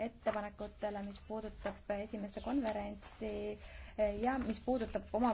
ettepanekutele, mis puudutab esimeste konverentsi eh, ja mis puudutab oma